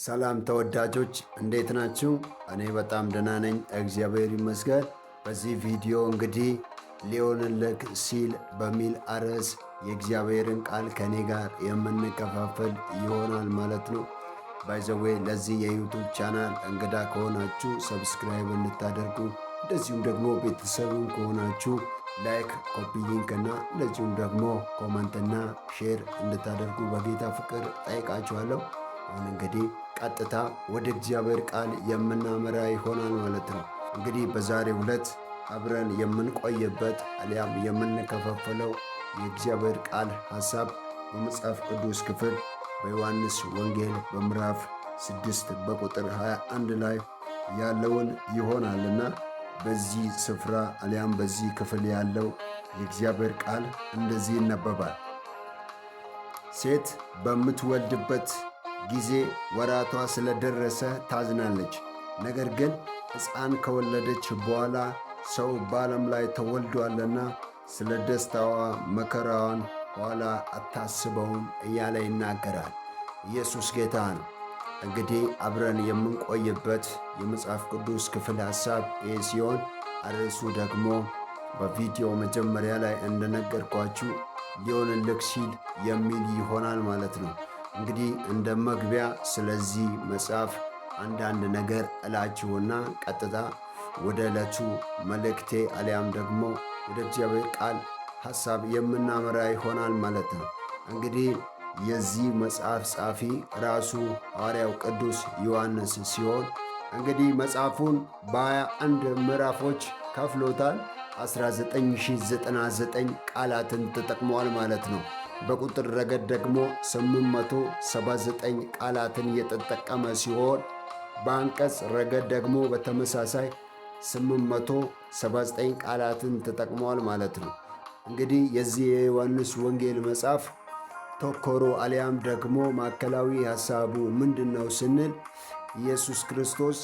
ሰላም ተወዳጆች እንዴት ናችሁ? እኔ በጣም ደህና ነኝ፣ እግዚአብሔር ይመስገን። በዚህ ቪዲዮ እንግዲህ ሊሆንልህ ሲል በሚል አርዕስ የእግዚአብሔርን ቃል ከኔ ጋር የምንከፋፈል ይሆናል ማለት ነው። ባይዘዌ ለዚህ የዩቱብ ቻናል እንግዳ ከሆናችሁ ሰብስክራይብ እንድታደርጉ እንደዚሁም ደግሞ ቤተሰብን ከሆናችሁ ላይክ ኮፒሊንክና እንደዚሁም ደግሞ ኮመንትና ሼር እንድታደርጉ በጌታ ፍቅር ጠይቃችኋለሁ። አሁን እንግዲህ ቀጥታ ወደ እግዚአብሔር ቃል የምናመራ ይሆናል ማለት ነው። እንግዲህ በዛሬው ዕለት አብረን የምንቆይበት አሊያም የምንከፋፈለው የእግዚአብሔር ቃል ሐሳብ የመጽሐፍ ቅዱስ ክፍል በዮሐንስ ወንጌል በምዕራፍ ስድስት በቁጥር 21 ላይ ያለውን ይሆናልና በዚህ ስፍራ አሊያም በዚህ ክፍል ያለው የእግዚአብሔር ቃል እንደዚህ ይነበባል። ሴት በምትወልድበት ጊዜ ወራቷ ስለደረሰ ታዝናለች። ነገር ግን ሕፃን ከወለደች በኋላ ሰው በዓለም ላይ ተወልዷልና ስለ ደስታዋ መከራዋን ኋላ አታስበውም እያለ ይናገራል። ኢየሱስ ጌታ ነው። እንግዲህ አብረን የምንቆይበት የመጽሐፍ ቅዱስ ክፍል ሐሳብ ይህ ሲሆን አርዕሱ ደግሞ በቪዲዮ መጀመሪያ ላይ እንደነገርኳችሁ ሊሆንልክ ሲል የሚል ይሆናል ማለት ነው። እንግዲህ እንደ መግቢያ ስለዚህ መጽሐፍ አንዳንድ ነገር እላችሁና ቀጥታ ወደ ዕለቱ መልእክቴ አሊያም ደግሞ ወደ እግዚአብሔር ቃል ሐሳብ የምናመራ ይሆናል ማለት ነው። እንግዲህ የዚህ መጽሐፍ ጻፊ ራሱ ሐዋርያው ቅዱስ ዮሐንስ ሲሆን እንግዲህ መጽሐፉን በሀያ አንድ ምዕራፎች ከፍሎታል። 19,099 ቃላትን ተጠቅመዋል ማለት ነው። በቁጥር ረገድ ደግሞ 879 ቃላትን የተጠቀመ ሲሆን በአንቀጽ ረገድ ደግሞ በተመሳሳይ 879 ቃላትን ተጠቅመዋል ማለት ነው። እንግዲህ የዚህ የዮሐንስ ወንጌል መጽሐፍ ተኮሮ አሊያም ደግሞ ማዕከላዊ ሐሳቡ ምንድን ነው ስንል ኢየሱስ ክርስቶስ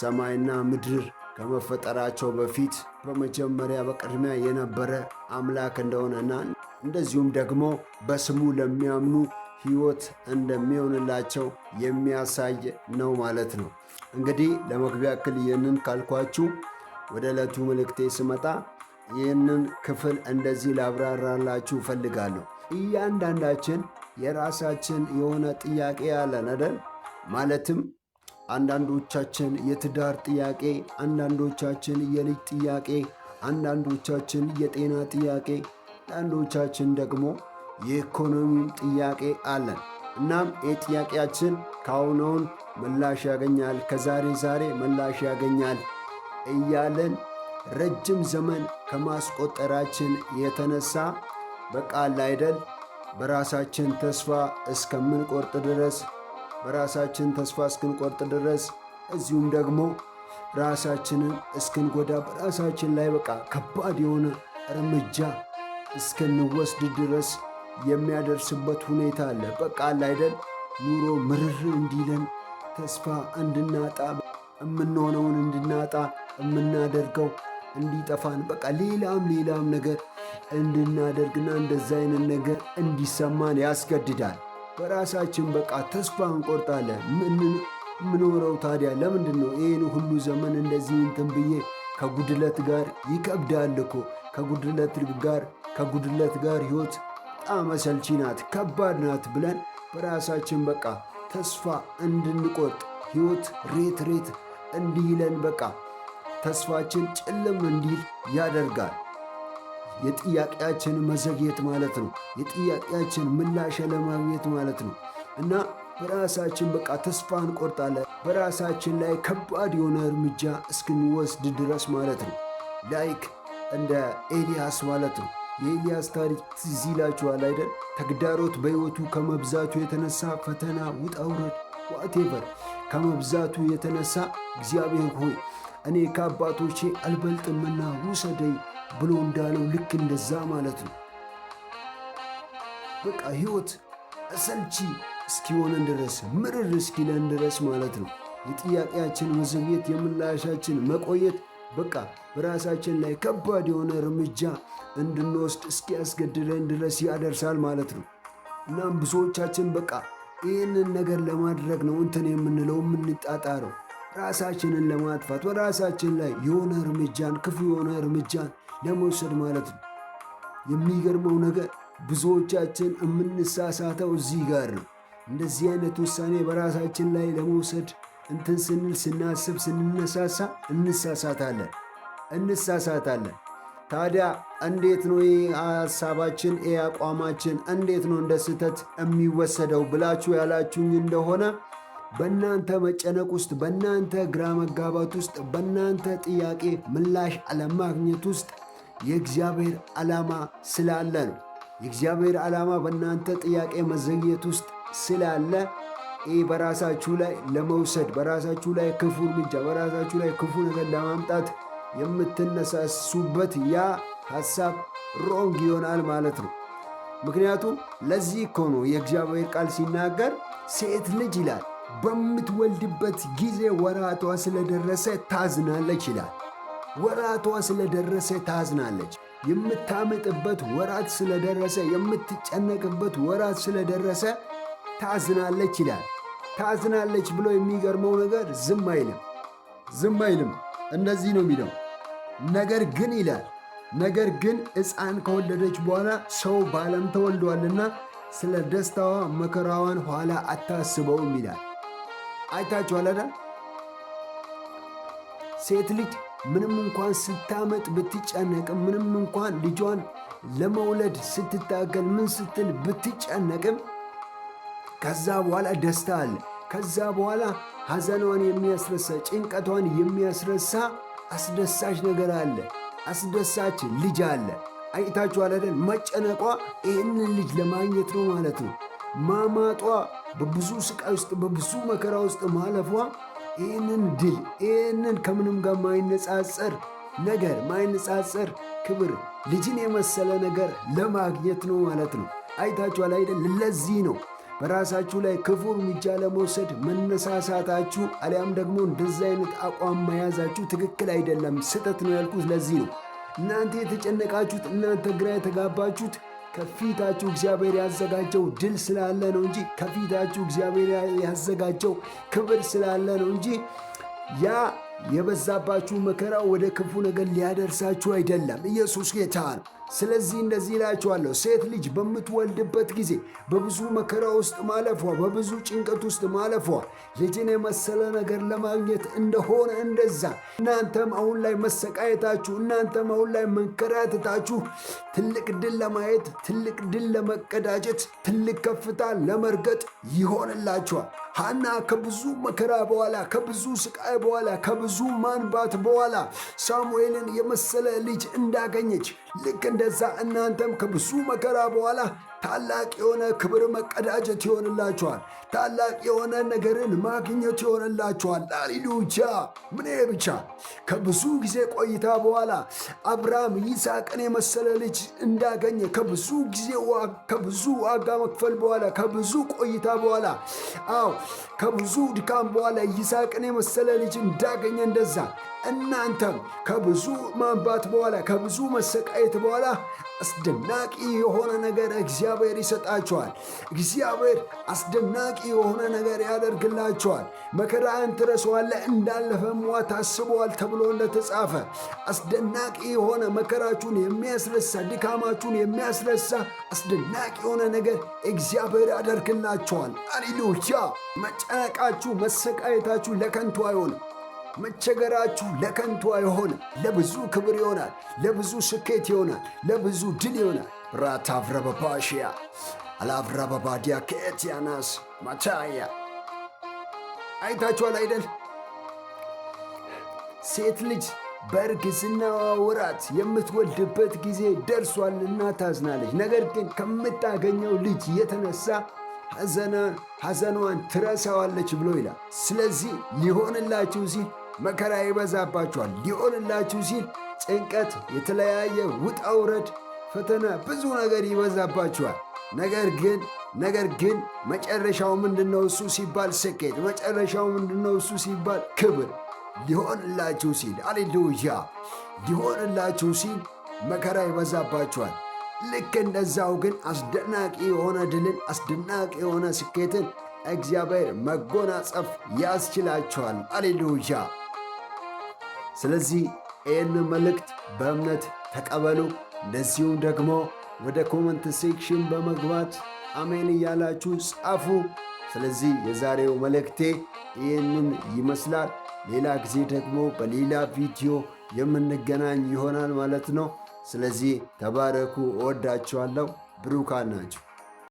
ሰማይና ምድር ከመፈጠራቸው በፊት በመጀመሪያ በቅድሚያ የነበረ አምላክ እንደሆነና እንደዚሁም ደግሞ በስሙ ለሚያምኑ ሕይወት እንደሚሆንላቸው የሚያሳይ ነው ማለት ነው። እንግዲህ ለመግቢያ ያክል ይህንን ካልኳችሁ ወደ ዕለቱ መልእክቴ ስመጣ ይህንን ክፍል እንደዚህ ላብራራላችሁ እፈልጋለሁ። እያንዳንዳችን የራሳችን የሆነ ጥያቄ ያለ አይደል? ማለትም አንዳንዶቻችን የትዳር ጥያቄ፣ አንዳንዶቻችን የልጅ ጥያቄ፣ አንዳንዶቻችን የጤና ጥያቄ አንዳንዶቻችን ደግሞ የኢኮኖሚ ጥያቄ አለን። እናም የጥያቄያችን ከአሁነውን ምላሽ ያገኛል፣ ከዛሬ ዛሬ ምላሽ ያገኛል እያለን ረጅም ዘመን ከማስቆጠራችን የተነሳ በቃል አይደል በራሳችን ተስፋ እስከምንቆርጥ ድረስ በራሳችን ተስፋ እስክንቆርጥ ድረስ እዚሁም ደግሞ ራሳችንን እስክንጎዳ በራሳችን ላይ በቃ ከባድ የሆነ እርምጃ እስክንወስድ ድረስ የሚያደርስበት ሁኔታ አለ። በቃ አይደል ኑሮ ምርር እንዲለን ተስፋ እንድናጣ የምንሆነውን እንድናጣ የምናደርገው እንዲጠፋን በቃ ሌላም ሌላም ነገር እንድናደርግና እንደዚ አይነት ነገር እንዲሰማን ያስገድዳል። በራሳችን በቃ ተስፋ እንቆርጣለን። ምኖረው ታዲያ ለምንድን ነው ይህን ሁሉ ዘመን እንደዚህ እንትን ብዬ ከጉድለት ጋር ይከብዳል እኮ ከጉድለት ጋር ከጉድለት ጋር ሕይወት በጣም አሰልቺ ናት፣ ከባድ ናት ብለን በራሳችን በቃ ተስፋ እንድንቆጥ ሕይወት ሬት ሬት እንዲይለን በቃ ተስፋችን ጭልም እንዲል ያደርጋል። የጥያቄያችን መዘግየት ማለት ነው። የጥያቄያችን ምላሽ ለማግኘት ማለት ነው እና በራሳችን በቃ ተስፋ እንቆርጣለን። በራሳችን ላይ ከባድ የሆነ እርምጃ እስክንወስድ ድረስ ማለት ነው። ላይክ እንደ ኤልያስ ማለት ነው። የኤልያስ ታሪክ ትዝ ይላችኋል አይደል? ተግዳሮት በሕይወቱ ከመብዛቱ የተነሳ ፈተና፣ ውጣ ውረድ፣ ዋቴቨር ከመብዛቱ የተነሳ እግዚአብሔር ሆይ እኔ ከአባቶቼ አልበልጥምና ውሰደኝ ብሎ እንዳለው ልክ እንደዛ ማለት ነው። በቃ ሕይወት አሰልቺ እስኪሆነን ድረስ ምርር እስኪለን ድረስ ማለት ነው። የጥያቄያችን መዘግየት የምላሻችን መቆየት በቃ በራሳችን ላይ ከባድ የሆነ እርምጃ እንድንወስድ እስኪያስገድደን ድረስ ያደርሳል ማለት ነው። እናም ብዙዎቻችን በቃ ይህንን ነገር ለማድረግ ነው እንትን የምንለው የምንጣጣረው፣ ራሳችንን ለማጥፋት በራሳችን ላይ የሆነ እርምጃን ክፉ የሆነ እርምጃን ለመውሰድ ማለት ነው። የሚገርመው ነገር ብዙዎቻችን የምንሳሳተው እዚህ ጋር ነው። እንደዚህ አይነት ውሳኔ በራሳችን ላይ ለመውሰድ እንትን ስንል ስናስብ ስንነሳሳ እንሳሳታለን እንሳሳታለን። ታዲያ እንዴት ነው ይህ ሀሳባችን ይህ አቋማችን እንዴት ነው እንደ ስህተት የሚወሰደው ብላችሁ ያላችሁኝ እንደሆነ በእናንተ መጨነቅ ውስጥ በእናንተ ግራ መጋባት ውስጥ በእናንተ ጥያቄ ምላሽ አለማግኘት ውስጥ የእግዚአብሔር ዓላማ ስላለ ነው። የእግዚአብሔር ዓላማ በእናንተ ጥያቄ መዘግየት ውስጥ ስላለ ይህ በራሳችሁ ላይ ለመውሰድ በራሳችሁ ላይ ክፉ እርምጃ በራሳችሁ ላይ ክፉ ነገር ለማምጣት የምትነሳሱበት ያ ሀሳብ ሮንግ ይሆናል ማለት ነው። ምክንያቱም ለዚህ እኮ ነው የእግዚአብሔር ቃል ሲናገር ሴት ልጅ ይላል በምትወልድበት ጊዜ ወራቷ ስለደረሰ ታዝናለች ይላል። ወራቷ ስለደረሰ ታዝናለች። የምታምጥበት ወራት ስለደረሰ፣ የምትጨነቅበት ወራት ስለደረሰ ታዝናለች ይላል። ታዝናለች ብሎ የሚገርመው ነገር ዝም አይልም፣ ዝም አይልም። እንደዚህ ነው የሚለው ነገር ግን ይላል ነገር ግን ሕፃን ከወለደች በኋላ ሰው በዓለም ተወልዷልና ስለ ደስታዋ መከራዋን ኋላ አታስበውም ይላል። አይታችኋል አይደል? ሴት ልጅ ምንም እንኳን ስታመጥ ብትጨነቅም፣ ምንም እንኳን ልጇን ለመውለድ ስትታገል ምን ስትል ብትጨነቅም ከዛ በኋላ ደስታ አለ። ከዛ በኋላ ሐዘኗን የሚያስረሳ ጭንቀቷን የሚያስረሳ አስደሳች ነገር አለ። አስደሳች ልጅ አለ። አይታችኋል አይደል? መጨነቋ ይህንን ልጅ ለማግኘት ነው ማለት ነው። ማማጧ፣ በብዙ ስቃይ ውስጥ በብዙ መከራ ውስጥ ማለፏ ይህንን ድል ይህንን ከምንም ጋር ማይነጻጸር ነገር ማይነጻጸር ክብር ልጅን የመሰለ ነገር ለማግኘት ነው ማለት ነው። አይታችኋል አይደል? ለዚህ ነው በራሳችሁ ላይ ክፉ እርምጃ ለመውሰድ መነሳሳታችሁ አሊያም ደግሞ እንደዚህ አይነት አቋም መያዛችሁ ትክክል አይደለም፣ ስህተት ነው ያልኩት ለዚህ ነው። እናንተ የተጨነቃችሁት፣ እናንተ ግራ የተጋባችሁት ከፊታችሁ እግዚአብሔር ያዘጋጀው ድል ስላለ ነው እንጂ ከፊታችሁ እግዚአብሔር ያዘጋጀው ክብር ስላለ ነው እንጂ ያ የበዛባችሁ መከራ ወደ ክፉ ነገር ሊያደርሳችሁ አይደለም። ኢየሱስ ጌታ ነው። ስለዚህ እንደዚህ እላችኋለሁ፣ ሴት ልጅ በምትወልድበት ጊዜ በብዙ መከራ ውስጥ ማለፏ፣ በብዙ ጭንቀት ውስጥ ማለፏ ልጅን የመሰለ ነገር ለማግኘት እንደሆነ እንደዛ እናንተም አሁን ላይ መሰቃየታችሁ፣ እናንተም አሁን ላይ መንከራተታችሁ ትልቅ ድል ለማየት፣ ትልቅ ድል ለመቀዳጀት፣ ትልቅ ከፍታ ለመርገጥ ይሆንላችኋል። ሐና ከብዙ መከራ በኋላ ከብዙ ስቃይ በኋላ ከብዙ ማንባት በኋላ ሳሙኤልን የመሰለ ልጅ እንዳገኘች ልክ እንደዛ እናንተም ከብዙ መከራ በኋላ ታላቅ የሆነ ክብር መቀዳጀት ይሆንላችኋል። ታላቅ የሆነ ነገርን ማግኘት ይሆንላችኋል። አሌሉያ! ምን ብቻ ከብዙ ጊዜ ቆይታ በኋላ አብርሃም ይስሐቅን የመሰለ ልጅ እንዳገኘ ከብዙ ጊዜ ከብዙ ዋጋ መክፈል በኋላ ከብዙ ቆይታ በኋላ አዎ ከብዙ ድካም በኋላ ይስሐቅን የመሰለ ልጅ እንዳገኘ እንደዛ እናንተም ከብዙ ማንባት በኋላ ከብዙ መሰቃየት በኋላ አስደናቂ የሆነ ነገር እግዚአብሔር ይሰጣችኋል። እግዚአብሔር አስደናቂ የሆነ ነገር ያደርግላችኋል። መከራን ትረሳዋለህ፣ እንዳለፈ ሟ ታስበዋል ተብሎ እንደተጻፈ አስደናቂ የሆነ መከራችሁን የሚያስረሳ ድካማችሁን የሚያስረሳ አስደናቂ የሆነ ነገር እግዚአብሔር ያደርግላችኋል። አሌሉያ! መጨነቃችሁ መሰቃየታችሁ ለከንቱ አይሆንም። መቸገራችሁ ለከንቱ አይሆንም፣ ለብዙ ክብር ይሆናል፣ ለብዙ ስኬት ይሆናል፣ ለብዙ ድል ይሆናል። ራታቭረበባሽያ አላብረበባዲያ ከኤትያናስ ማቻያ አይታችኋል አይደል? ሴት ልጅ በእርግዝናዋ ወራት የምትወልድበት ጊዜ ደርሷልና ታዝናለች። ነገር ግን ከምታገኘው ልጅ የተነሳ ሐዘኗን ትረሳዋለች ብሎ ይላል። ስለዚህ ሊሆንላችሁ ሲል መከራ ይበዛባችኋል ሊሆንላችሁ ሲል ጭንቀት፣ የተለያየ ውጣ ውረድ፣ ፈተና፣ ብዙ ነገር ይበዛባችኋል። ነገር ግን ነገር ግን መጨረሻው ምንድነው? እሱ ሲባል ስኬት። መጨረሻው ምንድነው? እሱ ሲባል ክብር ሊሆንላችሁ ሲል አሌሉያ፣ ሊሆንላችሁ ሲል መከራ ይበዛባችኋል። ልክ እንደዛው ግን አስደናቂ የሆነ ድልን አስደናቂ የሆነ ስኬትን እግዚአብሔር መጎናጸፍ ያስችላችኋል። አሌሉያ ስለዚህ ይህን መልእክት በእምነት ተቀበሉ። እንደዚሁም ደግሞ ወደ ኮመንት ሴክሽን በመግባት አሜን እያላችሁ ጻፉ። ስለዚህ የዛሬው መልእክቴ ይህንን ይመስላል። ሌላ ጊዜ ደግሞ በሌላ ቪዲዮ የምንገናኝ ይሆናል ማለት ነው። ስለዚህ ተባረኩ። እወዳችኋለሁ። ብሩካን ናችሁ።